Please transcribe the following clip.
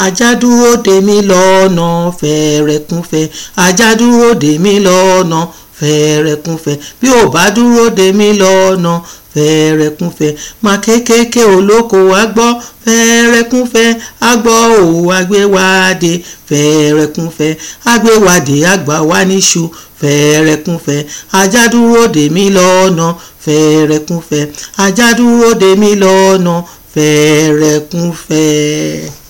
ajá dúró dè mí lọ́nà fẹ̀rẹ̀kúnfẹ̀ ajá dúró dè mí lọ́nà fẹ̀rẹ̀kúnfẹ̀ bí ò bá dúró dè mí lọ́nà fẹ̀rẹ̀kúnfẹ̀ má kékèké olóko wa gbọ́ fẹ̀rẹ̀kúnfẹ̀ a gbọ́ òwò agbéwádé fẹ̀rẹ̀kúnfẹ̀ agbéwádé àgbà wa níṣu fẹ̀rẹ̀kúnfẹ̀ ajá dúró dè mí lọ́nà fẹ̀rẹ̀kúnfẹ̀ ajá dúró dè mí lọ́nà fẹ̀rẹ̀kúnfẹ̀.